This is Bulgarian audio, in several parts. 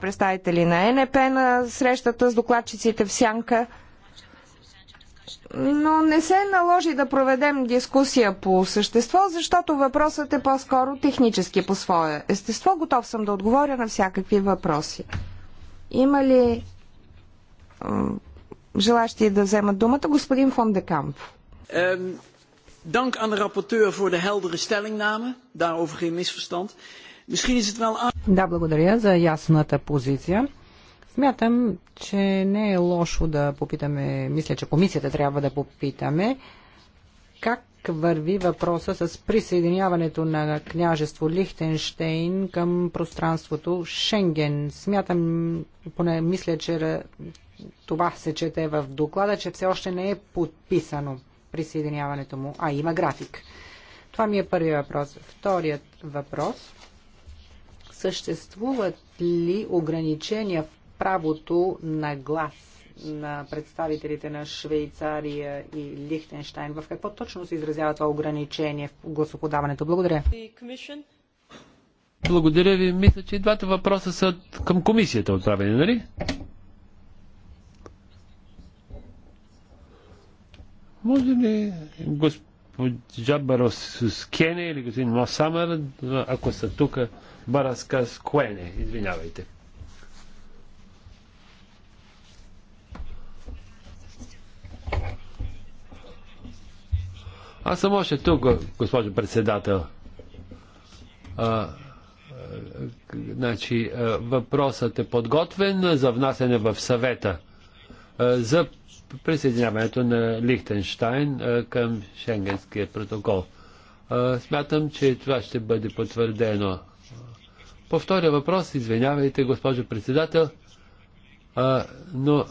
представители на НП на срещата с докладчиците в Сянка. Но не се наложи да проведем дискусия по същество, защото въпросът е по-скоро технически по своя естество. Готов съм да отговоря на всякакви въпроси. Има ли желащи да вземат думата? Господин Фон Декамп. Dank aan de rapporteur voor de heldere stellingname. Daarover geen misverstand. Да, благодаря за ясната позиция. Смятам, че не е лошо да попитаме, мисля, че комисията трябва да попитаме, как върви въпроса с присъединяването на княжество Лихтенштейн към пространството Шенген. Смятам, поне мисля, че това се чете в доклада, че все още не е подписано присъединяването му, а има график. Това ми е първият въпрос. Вторият въпрос – съществуват ли ограничения в правото на глас на представителите на Швейцария и Лихтенштайн? В какво точно се изразява това ограничение в гласоподаването? Благодаря. Благодаря ви. Мисля, че и двата въпроса са към комисията отправени, нали? Може ли, господин Джабарос Скене или господин Масамар, ако са тук, Бараска с Куене. извинявайте. Аз съм още тук, госпожо председател. А, значи, въпросът е подготвен за внасене в съвета за присъединяването на Лихтенштайн към Шенгенския протокол. Смятам, че това ще бъде потвърдено. По втория въпрос, извинявайте, госпожо председател, но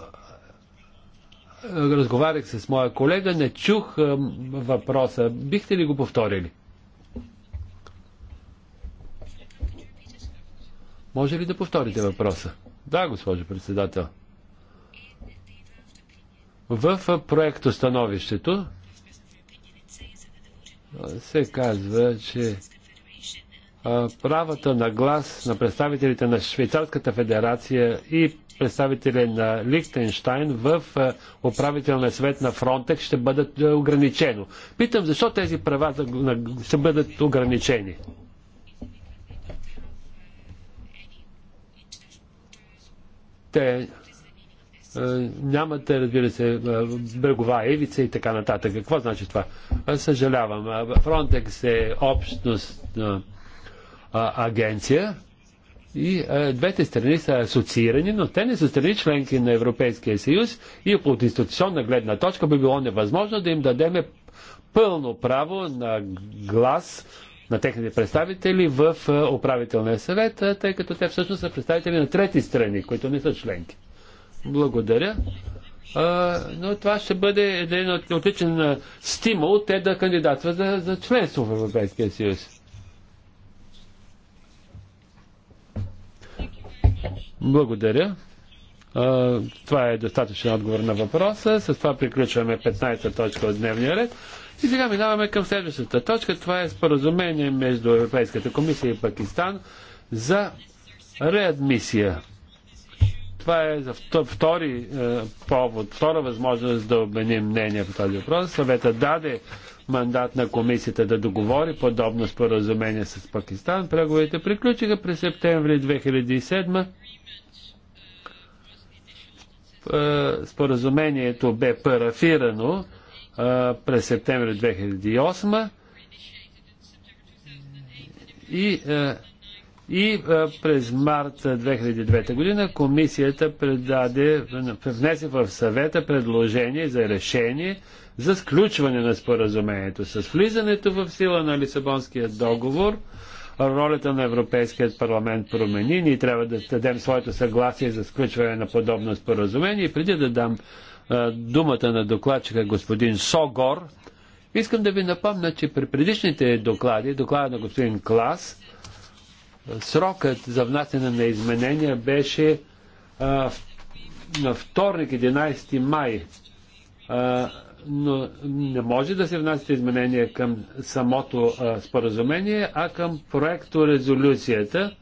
разговарях с моя колега, не чух въпроса. Бихте ли го повторили? Може ли да повторите въпроса? Да, госпожо председател. В проекто становището се казва, че правата на глас на представителите на Швейцарската федерация и представители на Лихтенштайн в управителния свет на Фронтекс ще бъдат ограничено. Питам, защо тези права ще бъдат ограничени? Те е, нямате, разбира се, е, брегова ивица и така нататък. Какво значи това? Е, съжалявам. Фронтекс е общностна агенция и двете страни са асоциирани, но те не са страни членки на Европейския съюз и от институционна гледна точка би било невъзможно да им дадеме пълно право на глас на техните представители в управителния съвет, тъй като те всъщност са представители на трети страни, които не са членки. Благодаря. А, но това ще бъде един отличен стимул те да кандидатват за, за членство в Европейския съюз. Благодаря. А, това е достатъчен отговор на въпроса. С това приключваме 15-та точка от дневния ред. И сега минаваме към следващата точка. Това е споразумение между Европейската комисия и Пакистан за реадмисия. Това е за втори е, повод, втора възможност да обменим мнение по този въпрос. Съвета даде мандат на комисията да договори подобно споразумение с Пакистан. Преговорите приключиха през септември 2007 е, споразумението бе парафирано а, е, през септември 2008 и и е, през март 2009 година комисията предаде, внесе в съвета предложение за решение за сключване на споразумението. С влизането в сила на Лисабонския договор, ролята на Европейският парламент промени. Ние трябва да дадем своето съгласие за сключване на подобно споразумение. И преди да дам а, е, думата на докладчика господин Согор, искам да ви напомня, че при предишните доклади, доклада на господин Клас, срокът за внасяне на изменения беше а, на вторник, 11 май. А, но не може да се внасят изменения към самото а, споразумение, а към проекто резолюцията.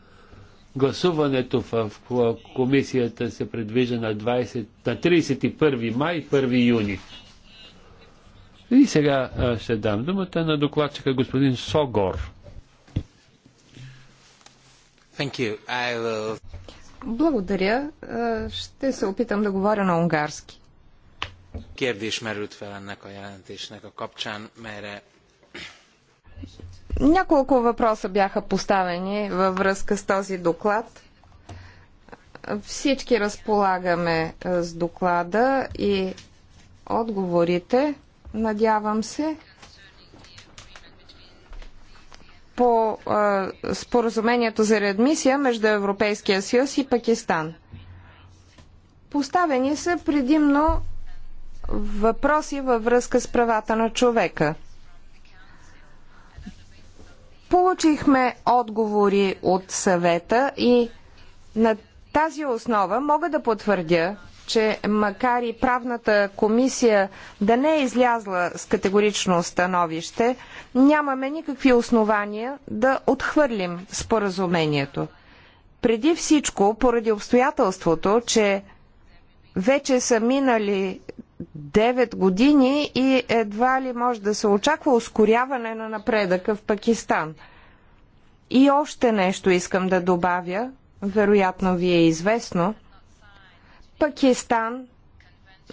Гласуването в, в комисията се предвижда на, 20, на 31 май, 1 юни. И сега а, ще дам думата на докладчика господин Согор. Благодаря. Е, ще се опитам да говоря на унгарски. Kérdés merült fel ennek a jelentésnek a kapcsán, merre няколко въпроса бяха поставени във връзка с този доклад. Всички разполагаме е, с доклада и отговорите, надявам се по а, споразумението за реадмисия между Европейския съюз и Пакистан. Поставени са предимно въпроси във връзка с правата на човека. Получихме отговори от съвета и на тази основа мога да потвърдя, че макар и правната комисия да не е излязла с категорично становище, нямаме никакви основания да отхвърлим споразумението. Преди всичко, поради обстоятелството, че вече са минали 9 години и едва ли може да се очаква ускоряване на напредъка в Пакистан. И още нещо искам да добавя, вероятно ви е известно. Пакистан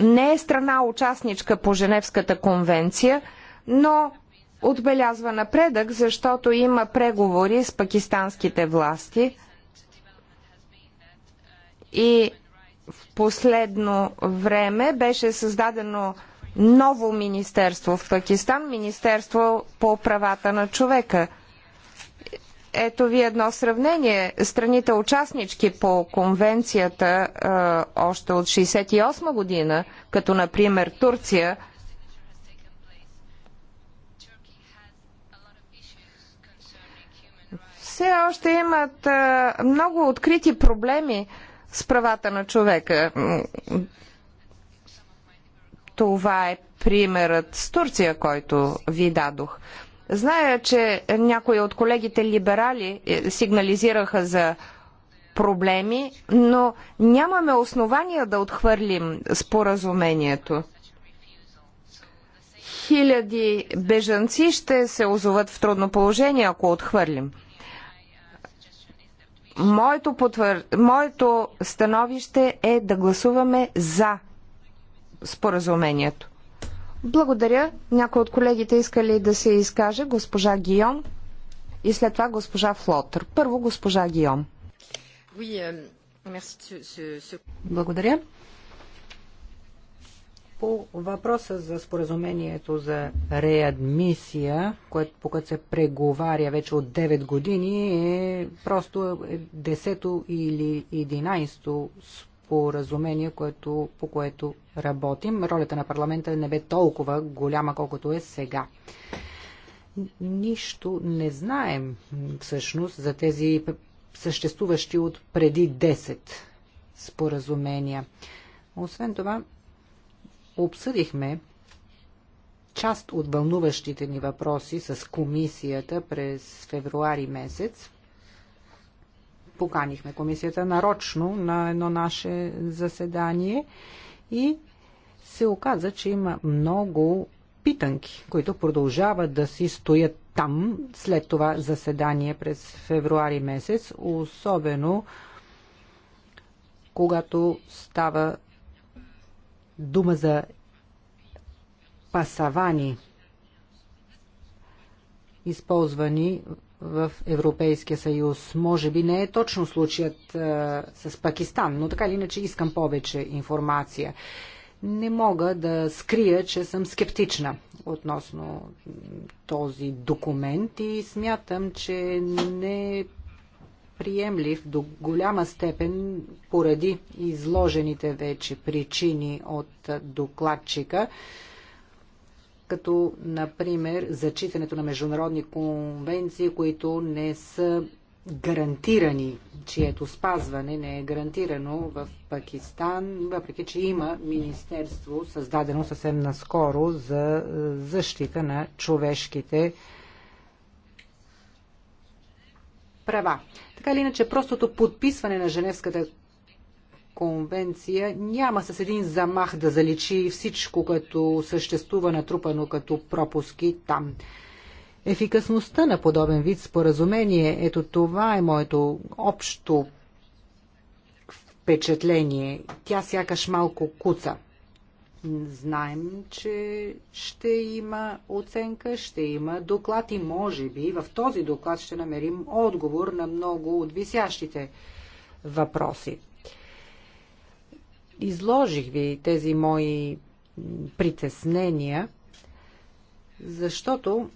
не е страна участничка по Женевската конвенция, но отбелязва напредък, защото има преговори с пакистанските власти и в последно време беше създадено ново министерство в Пакистан, Министерство по правата на човека – ето ви едно сравнение. Страните участнички по конвенцията а, още от 1968 година, като например Турция, все още имат а, много открити проблеми с правата на човека. Това е примерът с Турция, който ви дадох. Зная, че някои от колегите либерали е, сигнализираха за проблеми, но нямаме основания да отхвърлим споразумението. Хиляди бежанци ще се озоват в трудно положение, ако отхвърлим. Моето, потвър... Моето становище е да гласуваме за споразумението. Благодаря. Някои от колегите искали да се изкаже госпожа Гион и след това госпожа Флотър. Първо госпожа Гион. Euh, Благодаря. По въпроса за споразумението за реадмисия, което, по което се преговаря вече от 9 години, е просто 10 е или 11 споразумение споразумение, което, по което работим. Ролята на парламента не бе толкова голяма, колкото е сега. Нищо не знаем всъщност за тези съществуващи от преди 10 споразумения. Освен това, обсъдихме част от вълнуващите ни въпроси с комисията през февруари месец поканихме комисията нарочно на едно наше заседание и се оказа, че има много питанки, които продължават да си стоят там след това заседание през февруари месец, особено когато става дума за пасавани, използвани в Европейския съюз. Може би не е точно случаят а, с Пакистан, но така или иначе искам повече информация. Не мога да скрия, че съм скептична относно този документ и смятам, че не е приемлив до голяма степен поради изложените вече причини от докладчика като например зачитането на международни конвенции, които не са гарантирани, чието спазване не е гарантирано в Пакистан, въпреки че има министерство, създадено съвсем наскоро за е, защита на човешките права. Така или иначе, простото подписване на Женевската конвенция няма с един замах да заличи всичко, като съществува натрупано като пропуски там. Ефикасността на подобен вид споразумение, ето това е моето общо впечатление. Тя сякаш малко куца. Знаем, че ще има оценка, ще има доклад и може би в този доклад ще намерим отговор на много от висящите въпроси изложих ви тези мои притеснения, защото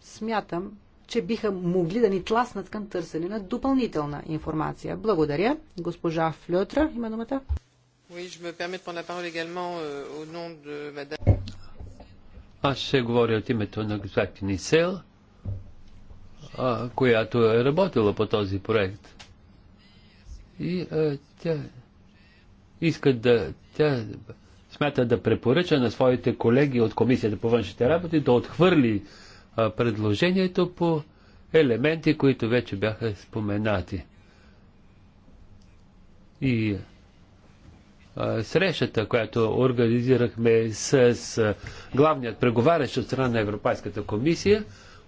смятам, че биха могли да ни тласнат към търсене на допълнителна информация. Благодаря. Госпожа Флютра има думата. Euh, Аз ще говоря от името на госпожа Сел, която е работила по този проект. И а, тя искат да, тя смята да препоръча на своите колеги от Комисията по външните работи да отхвърли а, предложението по елементи, които вече бяха споменати. И срещата, която организирахме с главният преговарящ от страна на Европейската комисия,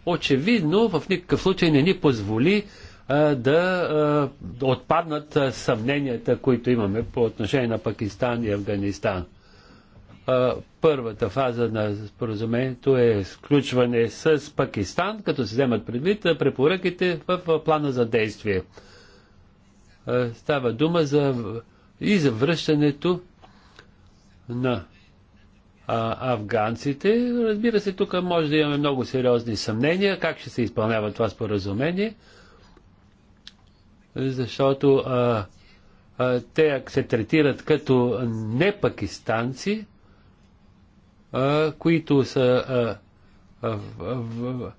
очевидно в никакъв случай не ни позволи да отпаднат съмненията, които имаме по отношение на Пакистан и Афганистан. Първата фаза на споразумението е сключване с Пакистан, като се вземат предвид препоръките в плана за действие. Става дума за и за връщането на а, афганците. Разбира се, тук може да имаме много сериозни съмнения как ще се изпълнява това споразумение защото а, а, те се третират като непакистанци, а, които са а, в, в,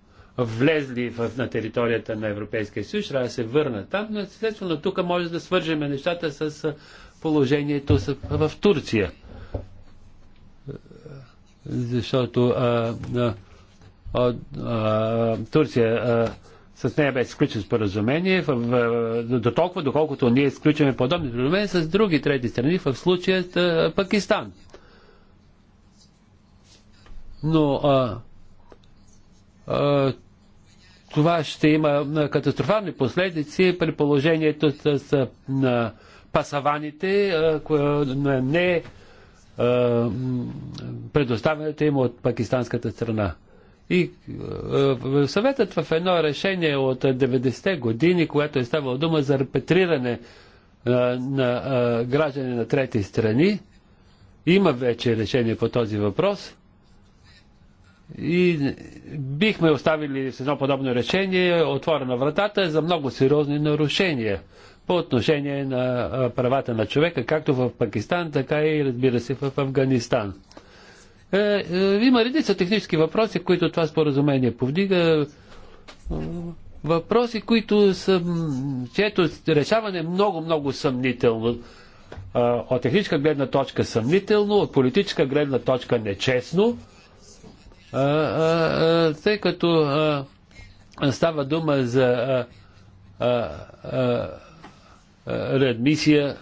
влезли в, на територията на Европейския съюз, трябва да се върнат там, но естествено тук може да свържем нещата с положението с, в Турция. Защото а, а, а, Турция а, с нея бе сключен споразумение, в, в, до толкова, доколкото ние изключваме подобни споразумения с други трети страни, в случая с Пакистан. Но а, а, това ще има катастрофални последици при положението с, с на пасаваните, а, не а, предоставянето им от пакистанската страна. И е, е, съветът в едно решение от 90-те години, което е ставало дума за репетриране е, на е, граждани на трети страни, има вече решение по този въпрос. И бихме оставили с едно подобно решение отворена вратата за много сериозни нарушения по отношение на е, правата на човека, както в Пакистан, така и разбира се в Афганистан. Е, е, има редица технически въпроси, които това споразумение повдига. Е, въпроси, които са, чието решаване е много-много съмнително. От техническа гледна точка съмнително, от политическа гледна точка нечестно, тъй като става дума за редмисия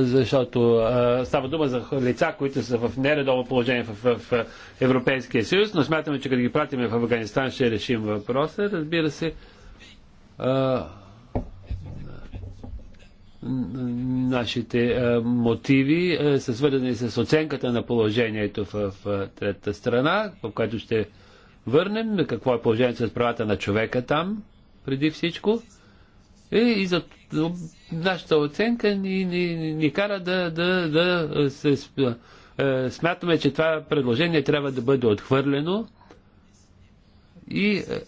защото става дума за лица, които са в нередовно положение в, в Европейския съюз, но смятаме, че като ги пратиме в Афганистан ще решим въпроса. Разбира се, нашите мотиви са свързани с оценката на положението в трета страна, в което ще върнем, какво е положението с правата на човека там, преди всичко. И, и за нашата оценка ни, ни, ни, ни кара да, да, да се, е, смятаме, че това предложение трябва да бъде отхвърлено и е,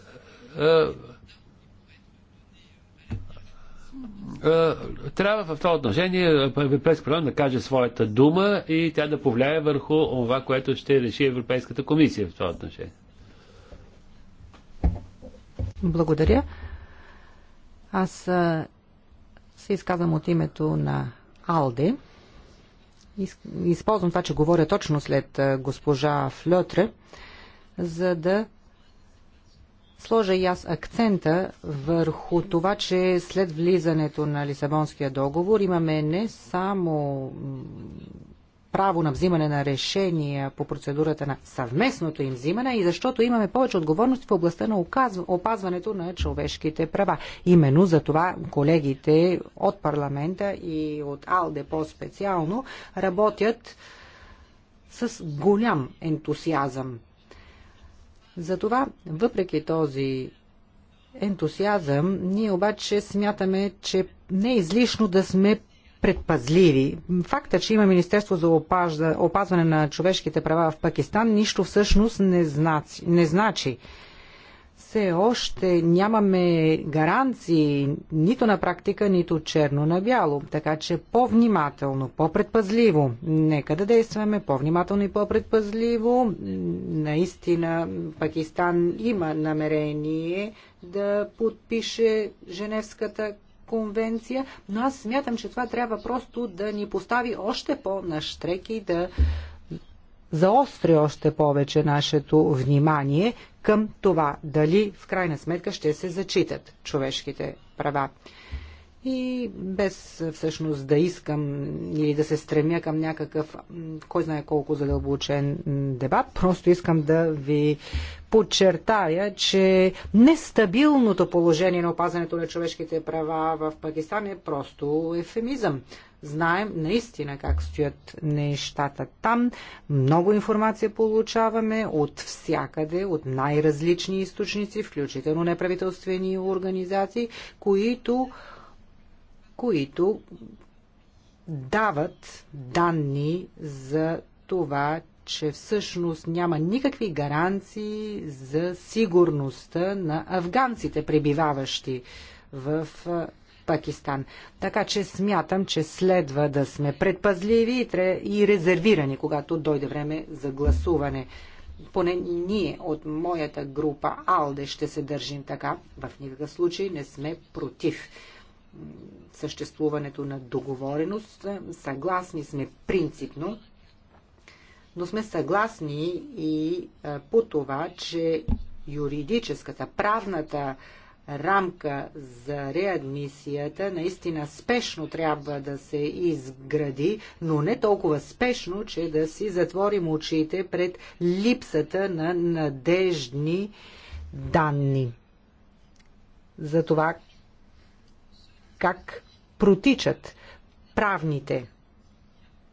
е, трябва в това отношение Европейския парламент да каже своята дума и тя да повлияе върху това, което ще реши Европейската комисия в това отношение. Благодаря. Аз се изказвам от името на Алде. Използвам това, че говоря точно след госпожа Флетре, за да сложа и аз акцента върху това, че след влизането на Лисабонския договор имаме не само право на взимане на решения по процедурата на съвместното им взимане и защото имаме повече отговорност в областта на опазването на човешките права. Именно за това колегите от парламента и от АЛДЕ по-специално работят с голям ентусиазъм. Затова, въпреки този ентусиазъм, ние обаче смятаме, че не е излишно да сме предпазливи. Факта, че има Министерство за опазване на човешките права в Пакистан, нищо всъщност не, не значи. Все още нямаме гаранции нито на практика, нито черно на бяло. Така че по-внимателно, по-предпазливо. Нека да действаме по-внимателно и по-предпазливо. Наистина Пакистан има намерение да подпише Женевската конвенция, но аз смятам, че това трябва просто да ни постави още по нащрек и да заостри още повече нашето внимание към това дали в крайна сметка ще се зачитат човешките права. И без е, всъщност да искам или да се стремя към някакъв, кой знае колко задълбочен дебат, просто искам да ви подчертая, че нестабилното положение на опазването на човешките права в Пакистан е просто ефемизъм. Знаем наистина как стоят нещата там. Много информация получаваме от всякъде, от най-различни източници, включително неправителствени организации, които които дават данни за това, че всъщност няма никакви гаранции за сигурността на афганците, пребиваващи в Пакистан. Така че смятам, че следва да сме предпазливи и резервирани, когато дойде време за гласуване. Поне ние от моята група АЛДЕ ще се държим така. В никакъв случай не сме против съществуването на договореност. Съгласни сме принципно, но сме съгласни и по това, че юридическата, правната рамка за реадмисията наистина спешно трябва да се изгради, но не толкова спешно, че да си затворим очите пред липсата на надежни данни за това как протичат правните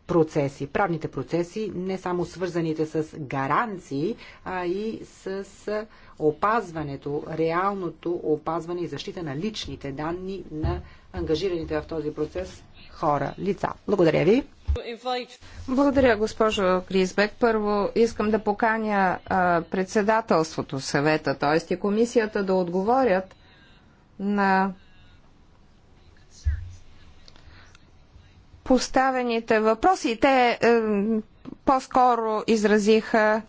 процеси. Правните процеси не само свързаните с гаранции, а и с опазването, реалното опазване и защита на личните данни на ангажираните в този процес хора, лица. Благодаря ви. Благодаря, госпожо Кризбек. Първо искам да поканя а, председателството, съвета, т.е. и комисията да отговорят на поставените въпроси. Те е, по-скоро изразиха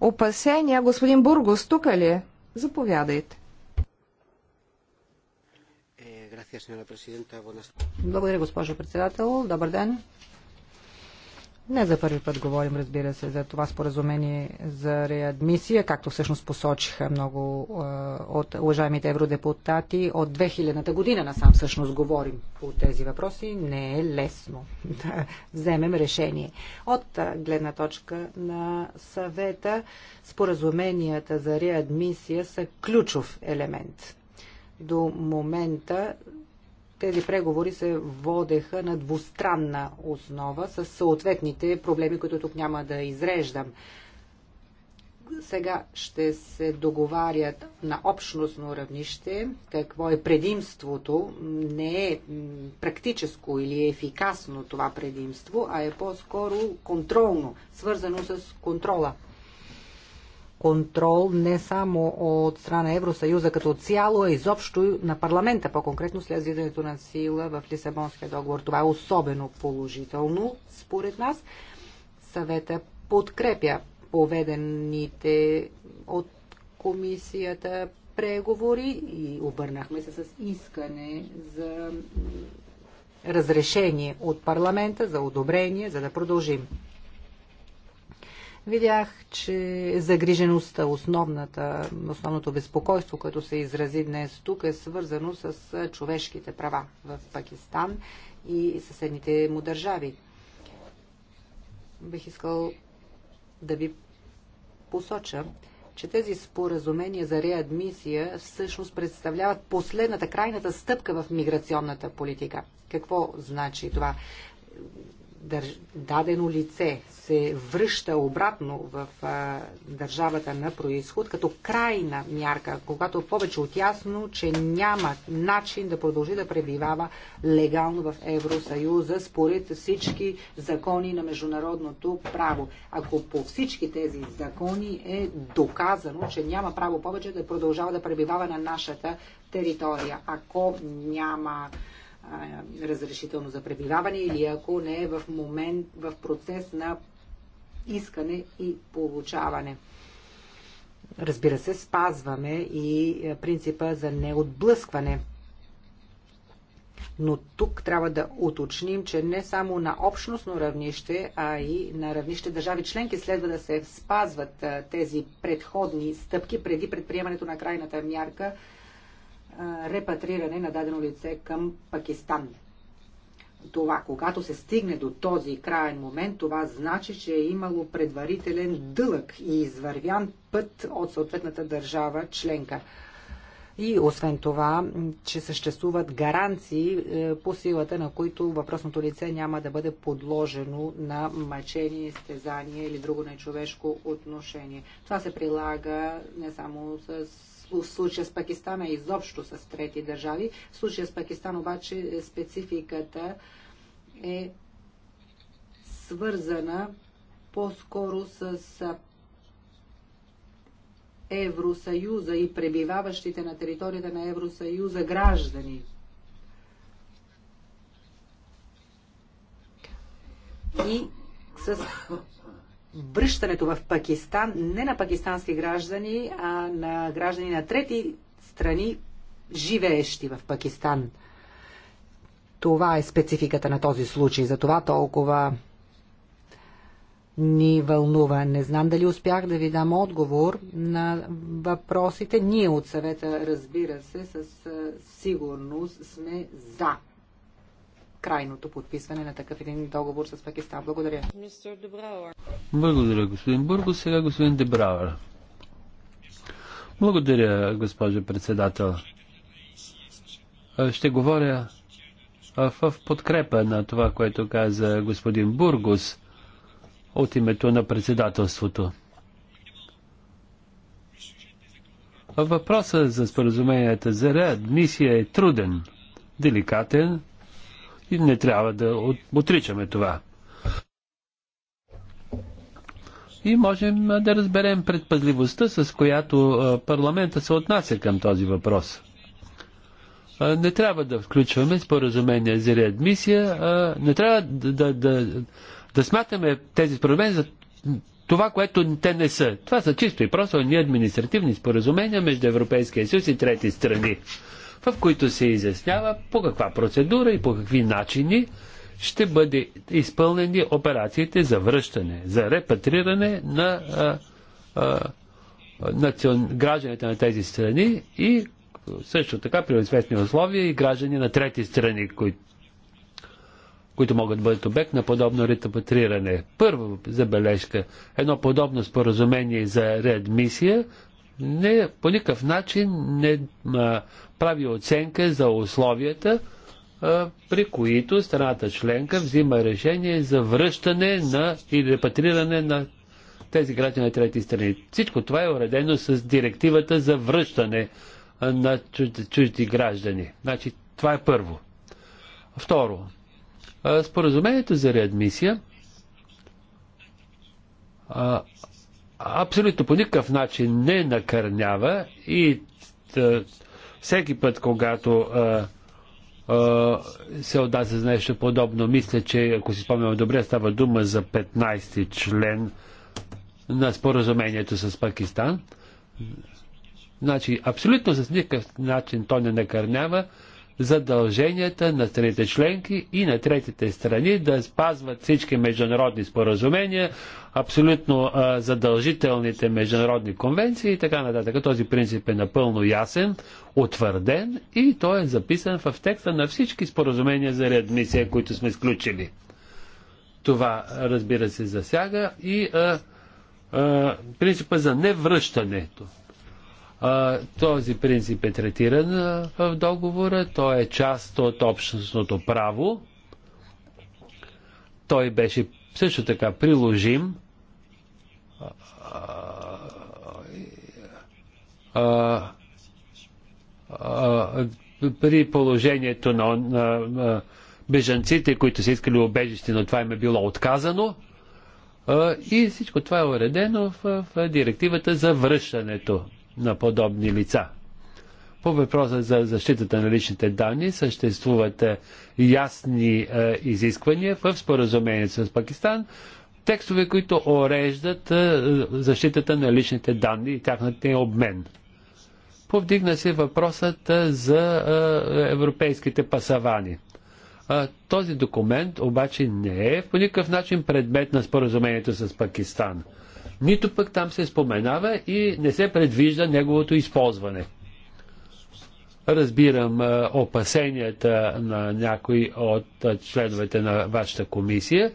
опасения. Господин Бургос, тук ли е? Заповядайте. Е, Благодаря, госпожо председател. Добър ден. Не за първи път говорим, разбира се, за това споразумение за реадмисия, както всъщност посочиха много е, от уважаемите евродепутати. От 2000-та година насам всъщност говорим по тези въпроси. Не е лесно да вземем решение. От гледна точка на съвета, споразуменията за реадмисия са ключов елемент. До момента тези преговори се водеха на двустранна основа с съответните проблеми, които тук няма да изреждам. Сега ще се договарят на общностно равнище какво е предимството. Не е практическо или е ефикасно това предимство, а е по-скоро контролно, свързано с контрола контрол не само от страна Евросъюза като цяло, а изобщо на парламента, по-конкретно след излизането на сила в Лисабонския договор. Това е особено положително, според нас. Съвета подкрепя поведените от комисията преговори и обърнахме се с искане за разрешение от парламента за одобрение, за да продължим. Видях, че загрижеността, основната, основното безпокойство, което се изрази днес тук, е свързано с човешките права в Пакистан и съседните му държави. Бих искал да ви посоча, че тези споразумения за реадмисия всъщност представляват последната, крайната стъпка в миграционната политика. Какво значи това? държ... дадено лице се връща обратно в а, държавата на происход като крайна мярка, когато повече от ясно, че няма начин да продължи да пребивава легално в Евросъюза според всички закони на международното право. Ако по всички тези закони е доказано, че няма право повече да продължава да пребивава на нашата територия, ако няма разрешително за пребиваване или ако не е в момент, в процес на искане и получаване. Разбира се, спазваме и е, принципа за неотблъскване. Но тук трябва да уточним, че не само на общностно равнище, а и на равнище държави членки следва да се спазват е, тези предходни стъпки преди предприемането на крайната мярка репатриране на дадено лице към Пакистан. Това, когато се стигне до този краен момент, това значи, че е имало предварителен дълъг и извървян път от съответната държава членка. И освен това, че съществуват гаранции е, по силата на които въпросното лице няма да бъде подложено на мъчение, стезание или друго нечовешко отношение. Това се прилага не само с в случая с Пакистана и изобщо с трети държави. В случая с Пакистан обаче спецификата е свързана по-скоро с Евросъюза и пребиваващите на територията на Евросъюза граждани. И с връщането в Пакистан не на пакистански граждани, а на граждани на трети страни, живеещи в Пакистан. Това е спецификата на този случай. За това толкова ни вълнува. Не знам дали успях да ви дам отговор на въпросите. Ние от съвета, разбира се, със сигурност сме за крайното подписване на такъв един договор с Пакистан. Благодаря. Благодаря, господин Бурго. Сега господин Дебрауер. Благодаря, госпожо председател. Ще говоря в подкрепа на това, което каза господин Бургус от името на председателството. Въпросът за споразуменията за реадмисия е труден, деликатен и не трябва да отричаме това. И можем да разберем предпазливостта, с която парламента се отнася към този въпрос. Не трябва да включваме споразумения за реадмисия, не трябва да, да, да, да смятаме тези споразумения за това, което те не са. Това са чисто и просто ни административни споразумения между Европейския съюз и трети страни в които се изяснява по каква процедура и по какви начини ще бъде изпълнени операциите за връщане, за репатриране на а, а, национ... гражданите на тези страни и също така при известни условия и граждани на трети страни, които които могат да бъдат обект на подобно ретапатриране. Първо забележка, едно подобно споразумение за реадмисия не, по никакъв начин не а, прави оценка за условията, а, при които страната членка взима решение за връщане на или репатриране на тези граждани на трети страни. Всичко това е уредено с директивата за връщане на чужди, чужди граждани. Значи, това е първо. Второ, споразумението за реадмисия абсолютно по никакъв начин не накърнява и тъ, всеки път, когато а, а, се отдаде за нещо подобно, мисля, че ако си спомням добре, става дума за 15 ти член на споразумението с Пакистан. Значи, абсолютно с никакъв начин то не накърнява задълженията на страните членки и на третите страни да спазват всички международни споразумения, абсолютно а, задължителните международни конвенции и така нататък. Този принцип е напълно ясен, утвърден и той е записан в текста на всички споразумения за реадмисия, които сме сключили. Това, разбира се, засяга и а, а, принципа за невръщането. Този принцип е третиран в договора, той е част от общностното право. Той беше също така приложим при положението на, на, на бежанците, които са искали обежище, но това им е било отказано. И всичко това е уредено в, в директивата за връщането на подобни лица. По въпроса за защитата на личните данни съществуват е, ясни е, изисквания в споразумението с Пакистан, текстове, които ореждат е, защитата на личните данни и тяхната обмен. Повдигна се въпросът е, за е, европейските пасавани. Е, този документ обаче не е по никакъв начин предмет на споразумението с Пакистан – нито пък там се споменава и не се предвижда неговото използване. Разбирам опасенията на някои от членовете на вашата комисия.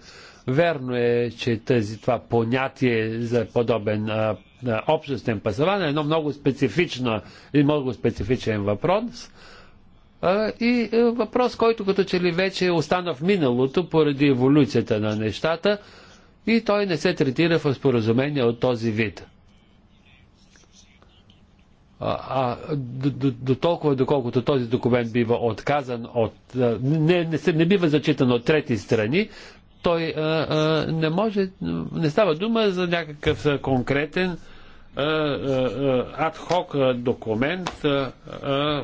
Верно е, че тази, това понятие за подобен а, обществен пасаван е едно много специфично и много специфичен въпрос. А, и а, е, въпрос, който като че ли вече е остана в миналото поради еволюцията на нещата, и той не се третира в споразумение от този вид. А, а до, до, до толкова, доколкото този документ бива отказан от. Не, не, се, не бива зачитан от трети страни, той а, а, не може. Не става дума за някакъв конкретен адхок документ. А, а,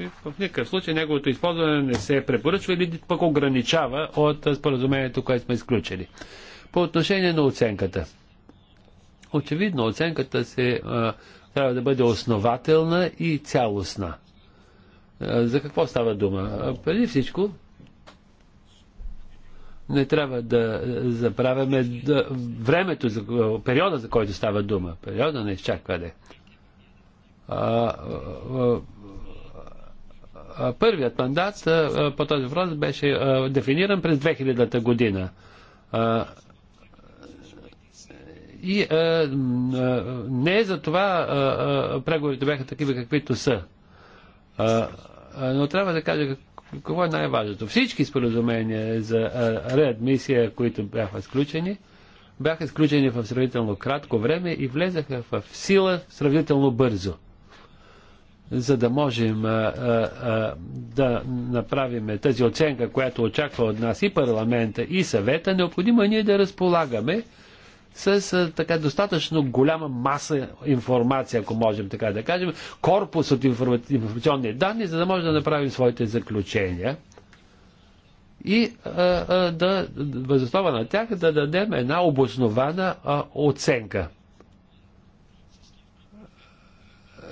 и в никакъв случай неговото използване не се препоръчва или пък ограничава от споразумението, което сме изключили. По отношение на оценката. Очевидно, оценката се, а, трябва да бъде основателна и цялостна. А, за какво става дума? А, преди всичко, не трябва да забравяме да, времето, за, периода, за който става дума. Периода на изчакване. А, а, а, първият мандат а, по този въпрос беше а, дефиниран през 2000-та година. А, и а, е, а, е, не е за това преговорите бяха такива, каквито са. А, а, но трябва да кажа какво е най-важното. Всички споразумения за а, реадмисия, които бяха сключени, бяха сключени в сравнително кратко време и влезаха в сила сравнително бързо за да можем а, а, да направим тази оценка, която очаква от нас и парламента, и съвета, необходимо е ние да разполагаме с така достатъчно голяма маса информация, ако можем така да кажем, корпус от информационни данни, за да може да направим своите заключения и а, а, да, възоснова на тях да дадем една обоснована а, оценка.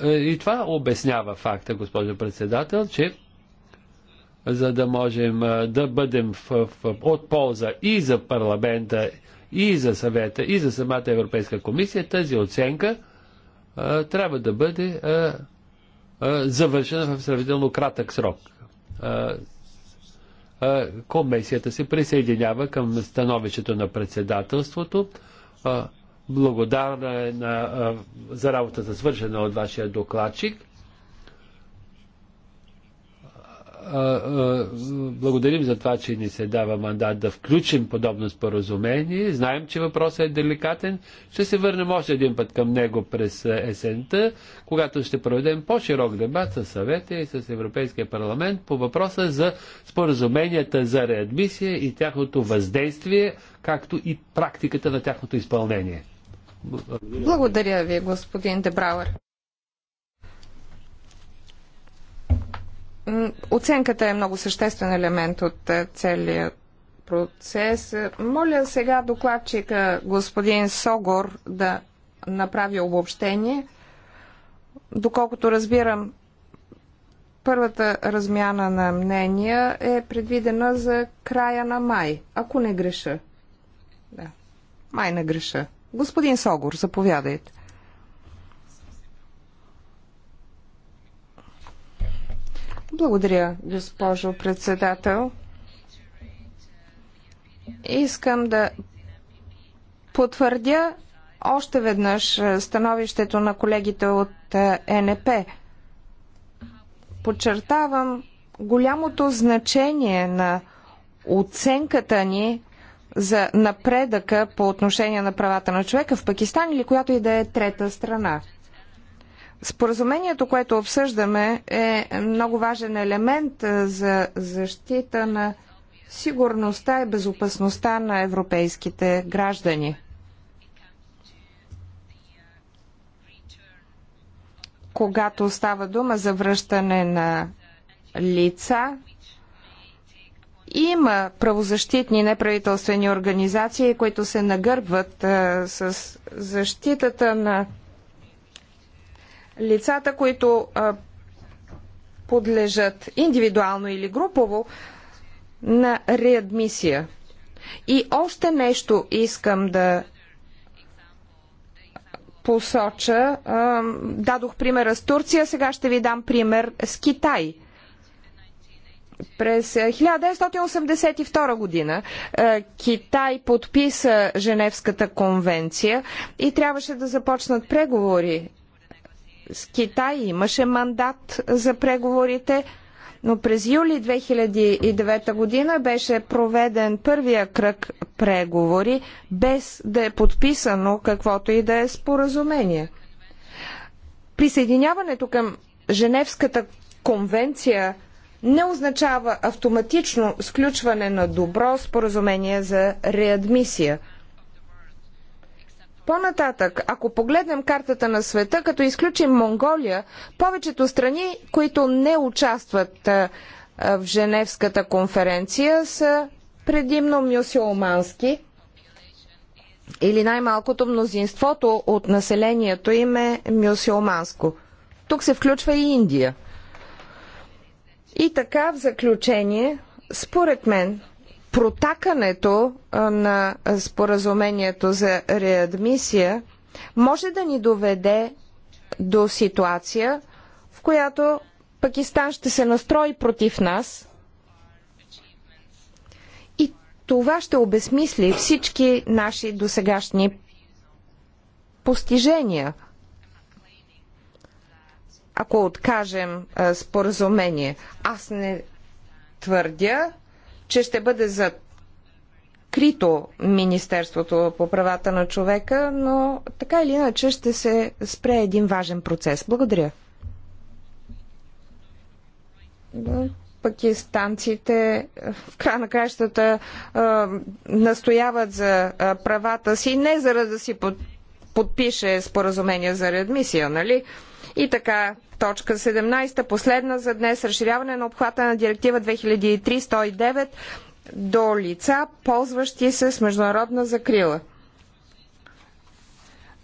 И това обяснява факта, госпожо председател, че за да можем да бъдем в, в, от полза и за парламента, и за съвета, и за самата Европейска комисия, тази оценка а, трябва да бъде а, а, завършена в сравнително кратък срок. А, а, комисията се присъединява към становището на председателството. А, благодарна е на, а, за работата свършена от вашия докладчик благодарим за това, че ни се дава мандат да включим подобно споразумение. Знаем, че въпросът е деликатен. Ще се върнем още един път към него през есента, когато ще проведем по-широк дебат с съвета и с Европейския парламент по въпроса за споразуменията за реадмисия и тяхното въздействие, както и практиката на тяхното изпълнение. Благодаря ви, господин Дебрауер. Оценката е много съществен елемент от е, целия процес. Моля сега докладчика господин Согор да направи обобщение. Доколкото разбирам, първата размяна на мнения е предвидена за края на май, ако не греша. Да. Май не греша. Господин Согор, заповядайте. Благодаря, госпожо председател. Искам да потвърдя още веднъж е, становището на колегите от е, НП. Подчертавам голямото значение на оценката ни за напредъка по отношение на правата на човека в Пакистан или която и да е трета страна. Споразумението, което обсъждаме, е много важен елемент е, за защита на сигурността и безопасността на европейските граждани. Когато става дума за връщане на лица, има правозащитни неправителствени организации, които се нагърбват е, с защитата на лицата, които подлежат индивидуално или групово на реадмисия. И още нещо искам да посоча. дадох примера с Турция, сега ще ви дам пример с Китай през 1982 година Китай подписа Женевската конвенция и трябваше да започнат преговори с Китай имаше мандат за преговорите, но през юли 2009 година беше проведен първия кръг преговори, без да е подписано каквото и да е споразумение. Присъединяването към Женевската конвенция не означава автоматично сключване на добро споразумение за реадмисия – по-нататък, ако погледнем картата на света, като изключим Монголия, повечето страни, които не участват в Женевската конференция, са предимно мюсюлмански или най-малкото мнозинството от населението им е мюсюлманско. Тук се включва и Индия. И така, в заключение, според мен, протакането на споразумението за реадмисия може да ни доведе до ситуация, в която Пакистан ще се настрои против нас и това ще обесмисли всички наши досегашни постижения, ако откажем споразумение. Аз не твърдя, че ще бъде закрито Министерството по правата на човека, но така или иначе ще се спре един важен процес. Благодаря. Пакистанците в края на кращата настояват за правата си не за да си подпише споразумение за реадмисия, нали? И така, точка 17, последна за днес, разширяване на обхвата на директива 2003-109 до лица, ползващи се с международна закрила.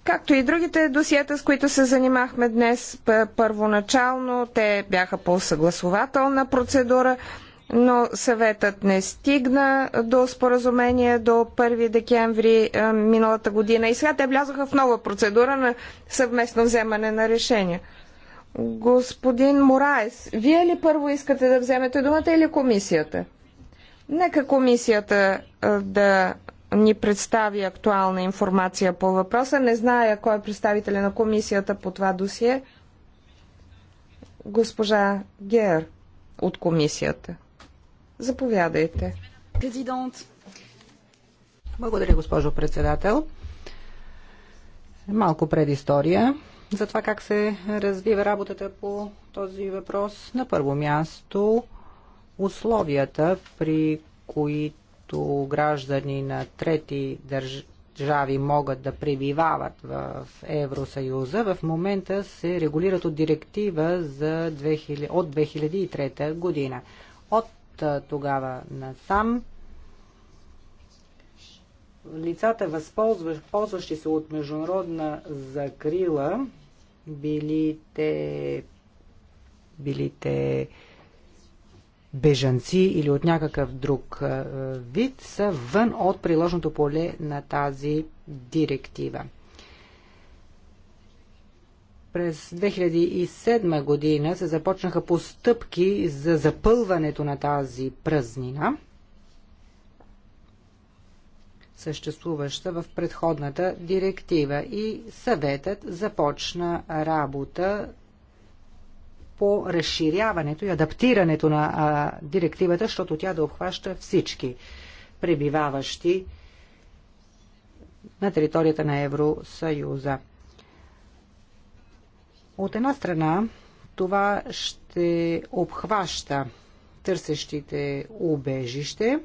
Както и другите досиета, с които се занимахме днес първоначално, те бяха по съгласователна процедура но съветът не стигна до споразумение до 1 декември миналата година и сега те влязоха в нова процедура на съвместно вземане на решения. Господин Мораес, вие ли първо искате да вземете думата или комисията? Нека комисията да ни представи актуална информация по въпроса. Не зная кой е представителя на комисията по това досие. Госпожа Гер от комисията. Заповядайте. Президент. Благодаря, госпожо председател. Малко предистория за това как се развива работата по този въпрос. На първо място условията, при които граждани на трети държави могат да пребивават в Евросъюза, в момента се регулират от директива за 2000, от 2003 година. От тогава тогава насам лицата, възползващи се от международна закрила, били билите бежанци или от някакъв друг вид, са вън от приложното поле на тази директива. През 2007 година се започнаха постъпки за запълването на тази празнина, съществуваща в предходната директива и съветът започна работа по разширяването и адаптирането на а, директивата, защото тя да обхваща всички пребиваващи на територията на Евросъюза. От една страна, това ще обхваща търсещите убежище,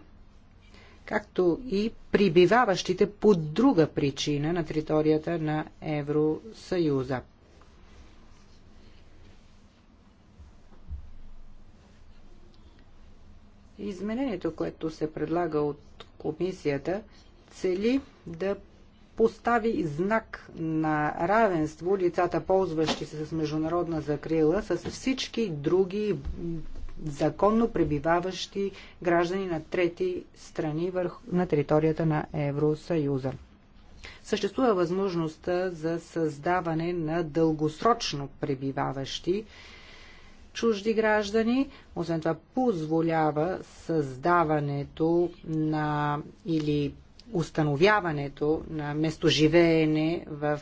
както и прибиваващите по друга причина на територията на Евросъюза. Изменението, което се предлага от комисията, цели да постави знак на равенство лицата, ползващи се с международна закрила, с всички други законно пребиваващи граждани на трети страни върху, на територията на Евросъюза. Съществува възможността за създаване на дългосрочно пребиваващи чужди граждани. Освен това позволява създаването на или установяването на местоживеене в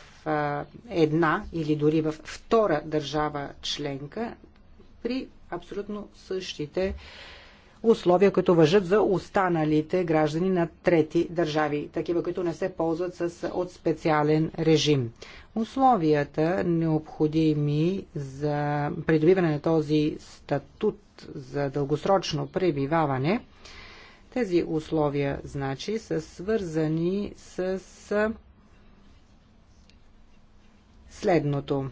една или дори в втора държава членка при абсолютно същите условия, които въжат за останалите граждани на трети държави, такива, които не се ползват с, от специален режим. Условията, необходими за придобиване на този статут за дългосрочно пребиваване, тези условия, значи, са свързани с следното.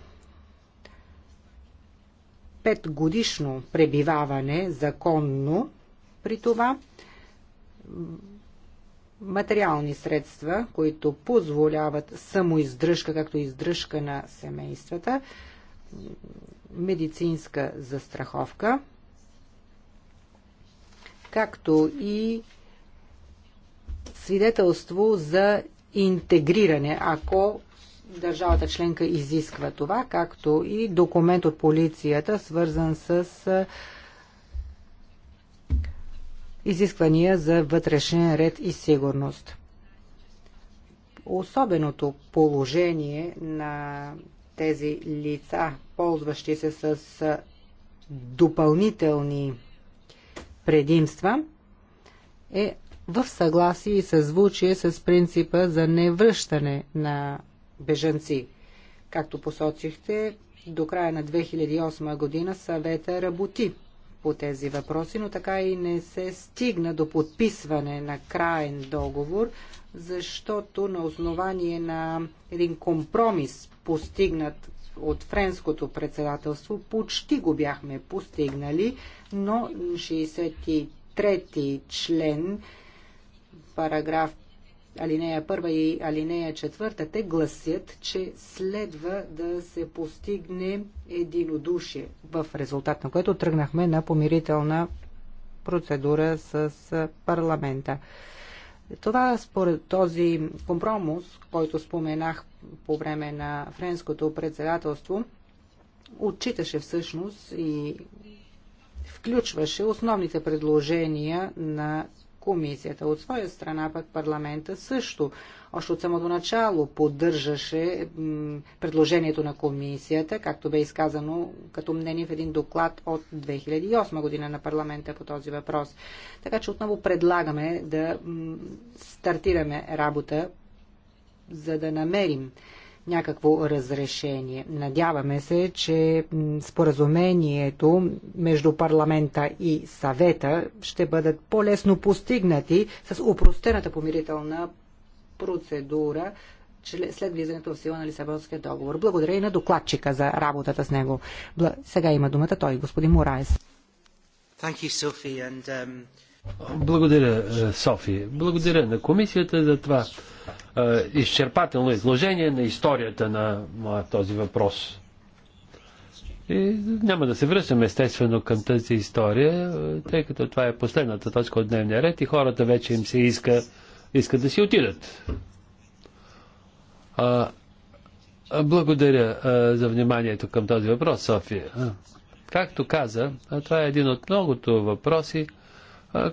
Петгодишно пребиваване законно при това материални средства, които позволяват самоиздръжка, както издръжка на семействата, медицинска застраховка – както и свидетелство за интегриране, ако държавата членка изисква това, както и документ от полицията, свързан с изисквания за вътрешен ред и сигурност. Особеното положение на тези лица, ползващи се с допълнителни предимства е в съгласие и съзвучие с принципа за невръщане на бежанци. Както посочихте, до края на 2008 година съвета работи по тези въпроси, но така и не се стигна до подписване на краен договор, защото на основание на един компромис, постигнат от френското председателство, почти го бяхме постигнали но 63 член, параграф алинея 1 и алинея 4, те гласят, че следва да се постигне единодушие, в резултат на което тръгнахме на помирителна процедура с парламента. Това според този компромис, който споменах по време на френското председателство, отчиташе всъщност и включваше основните предложения на комисията. От своя страна пък парламента също още от самото начало поддържаше предложението на комисията, както бе изказано като мнение в един доклад от 2008 година на парламента по този въпрос. Така че отново предлагаме да стартираме работа, за да намерим някакво разрешение. Надяваме се, че споразумението между парламента и съвета ще бъдат по-лесно постигнати с упростената помирителна процедура след влизането в сила на Лисабонския договор. Благодаря и на докладчика за работата с него. Сега има думата той, господин Мораес. Thank you, Sophie, and, um... Благодаря, е, Софи. Благодаря на комисията за това е, изчерпателно изложение на историята на този въпрос. И няма да се връщаме естествено към тази история, е, тъй като това е последната точка от дневния ред и хората вече им се иска, искат да си отидат. А, а благодаря а, за вниманието към този въпрос, София. А, както каза, а това е един от многото въпроси,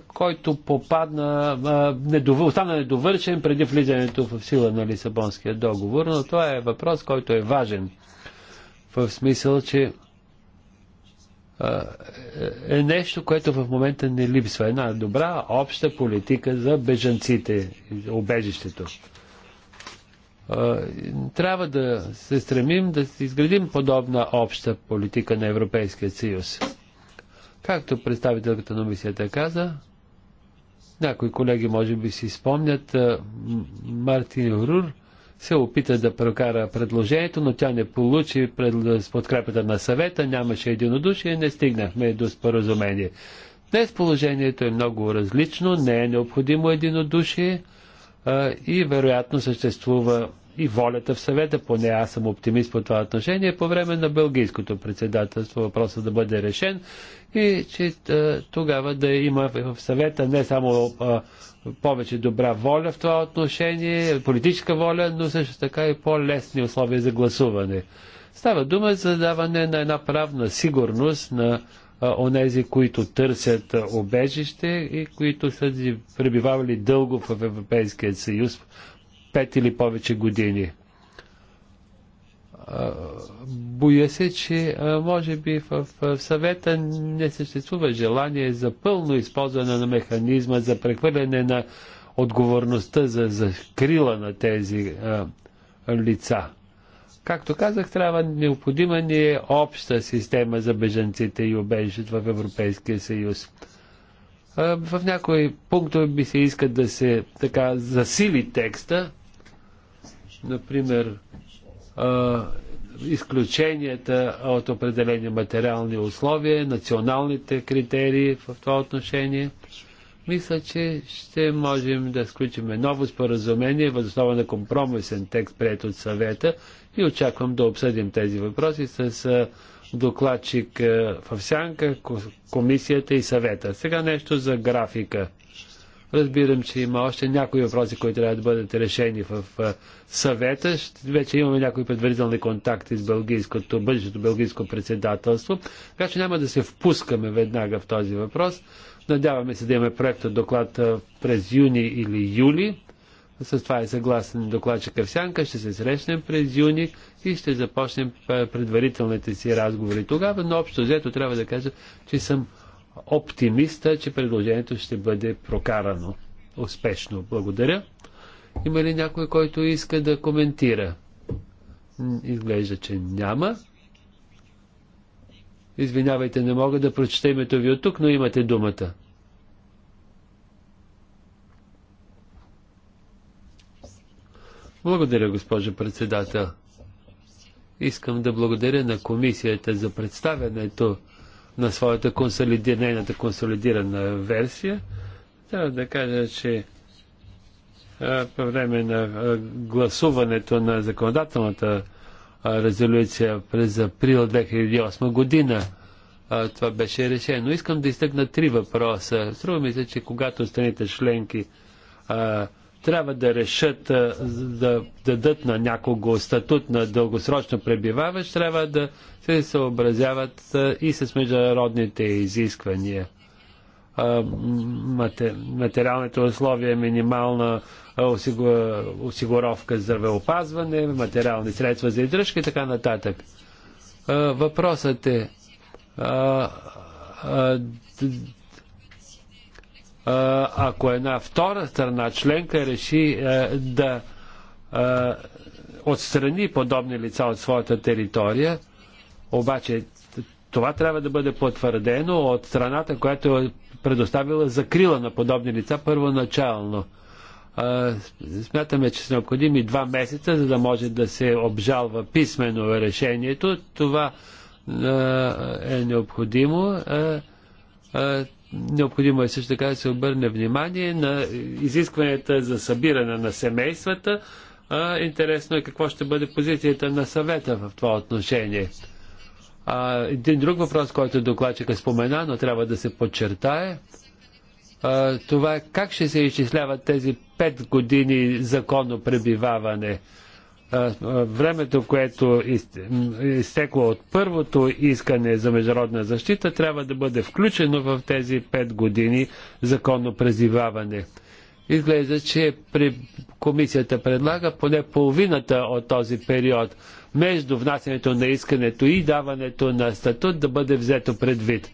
който попадна, остана недовършен преди влизането в сила на Лисабонския договор, но това е въпрос, който е важен в смисъл, че е, е нещо, което в момента не липсва. Една добра обща политика за бежанците, обежището. Трябва да се стремим да изградим подобна обща политика на Европейския съюз. Както представителката на мисията каза, някои колеги може би си спомнят, Мартин Рур се опита да прокара предложението, но тя не получи пред, подкрепата на съвета, нямаше единодушие и не стигнахме до споразумение. Днес положението е много различно, не е необходимо единодушие а, и вероятно съществува и волята в съвета, поне аз съм оптимист по това отношение, по време на бългийското председателство въпросът да бъде решен и че тогава да има в съвета не само повече добра воля в това отношение, политическа воля, но също така и по-лесни условия за гласуване. Става дума за даване на една правна сигурност на онези, които търсят обежище и които са пребивавали дълго в Европейския съюз, пет или повече години. Боя се, че може би в, в съвета не съществува желание за пълно използване на механизма за прехвърляне на отговорността за закрила на тези а, лица. Както казах, трябва необходима ни е обща система за беженците и убежището в Европейския съюз. А, в някои пунктове би се иска да се така засили текста, например изключенията от определени материални условия, националните критерии в това отношение. Мисля, че ще можем да сключим ново споразумение въз основа на компромисен текст, прият от съвета и очаквам да обсъдим тези въпроси с докладчик в сянка, комисията и съвета. Сега нещо за графика. Разбирам, че има още някои въпроси, които трябва да бъдат решени в съвета. Вече имаме някои предварителни контакти с бългийското, бъдещето бългийско председателство, така че няма да се впускаме веднага в този въпрос. Надяваме се да имаме проекта доклад през юни или юли. С това е съгласен докладчика в Ще се срещнем през юни и ще започнем предварителните си разговори тогава, но общо взето трябва да кажа, че съм оптимиста, че предложението ще бъде прокарано успешно. Благодаря. Има ли някой, който иска да коментира? Изглежда, че няма. Извинявайте, не мога да прочета името ви от тук, но имате думата. Благодаря, госпожо председател. Искам да благодаря на комисията за представянето на своята нейната консолидирана версия. Трябва да кажа, че по време на гласуването на законодателната резолюция през април 2008 година това беше решено. Искам да изтъкна три въпроса. Струва ми се, че когато страните членки трябва да решат да дадат на някого статут на дългосрочно пребиваващ, трябва да се съобразяват и с международните изисквания. Материалните условия минимална осигуровка здравеопазване, материални средства за издръжка и така нататък. Въпросът е ако една втора страна членка реши е, да е, отстрани подобни лица от своята територия, обаче това трябва да бъде потвърдено от страната, която е предоставила закрила на подобни лица първоначално. Смятаме, че са необходими два месеца, за да може да се обжалва писменно решението. Това е необходимо. Необходимо е също така да се обърне внимание на изискванията за събиране на семействата. А, интересно е какво ще бъде позицията на съвета в това отношение. А, един друг въпрос, който докладчика спомена, но трябва да се подчертае, а, това е как ще се изчисляват тези пет години законно пребиваване времето, което изтекло от първото искане за международна защита, трябва да бъде включено в тези 5 години законно презиваване. Изглежда, че при комисията предлага поне половината от този период между внасянето на искането и даването на статут да бъде взето предвид.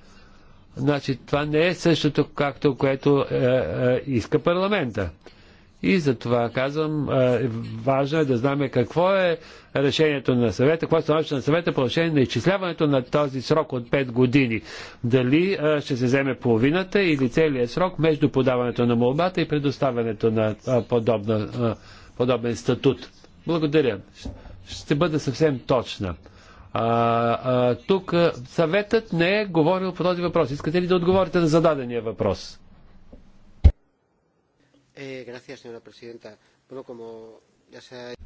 Значи това не е същото, както което е, е, иска парламента. И затова казвам, е, важно е да знаме какво е решението на съвета, какво е становището на съвета по решение на изчисляването на този срок от 5 години. Дали е, ще се вземе половината или целият срок между подаването на молбата и предоставянето на е, подобна, е, подобен статут. Благодаря. Ще бъда съвсем точна. А, а, тук е, съветът не е говорил по този въпрос. Искате ли да отговорите на зададения въпрос? Eh,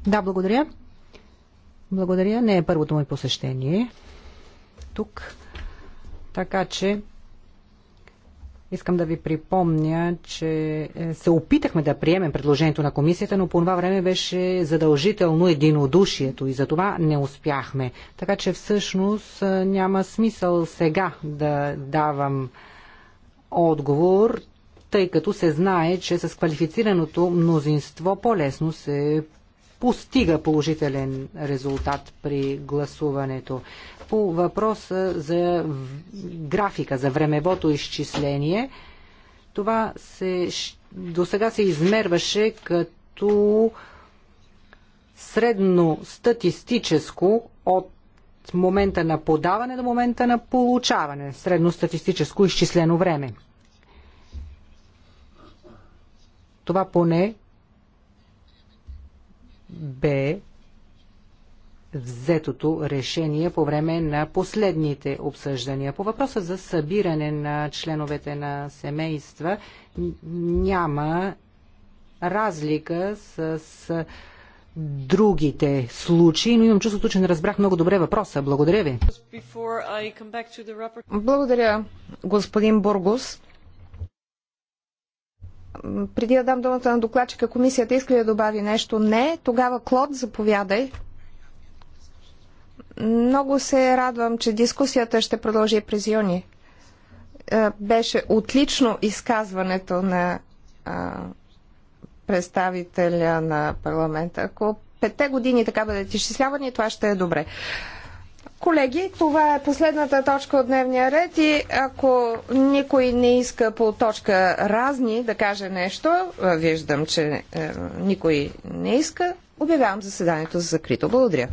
да, благодаря. Благодаря. Не е първото ми посещение тук. Така че искам да ви припомня, че е, се опитахме да приемем предложението на комисията, но по това време беше задължително единодушието и за това не успяхме. Така че всъщност е, няма смисъл сега да давам отговор, тъй като се знае, че с квалифицираното мнозинство по-лесно се постига положителен резултат при гласуването. По въпроса за графика, за времевото изчисление, това се, до сега се измерваше като средно статистическо от момента на подаване до момента на получаване, средностатистическо изчислено време. Това поне бе взетото решение по време на последните обсъждания. По въпроса за събиране на членовете на семейства няма разлика с другите случаи, но имам чувството, че не разбрах много добре въпроса. Благодаря ви. Благодаря, господин Бургус преди да дам думата на докладчика, комисията иска ли да добави нещо? Не. Тогава Клод, заповядай. Много се радвам, че дискусията ще продължи през юни. Е, беше отлично изказването на представителя на парламента. Ако петте години така бъдат изчислявани, това ще е добре. Колеги, това е последната точка от дневния ред и ако никой не иска по точка разни да каже нещо, виждам, че е, никой не иска, обявявам заседанието за закрито. Благодаря.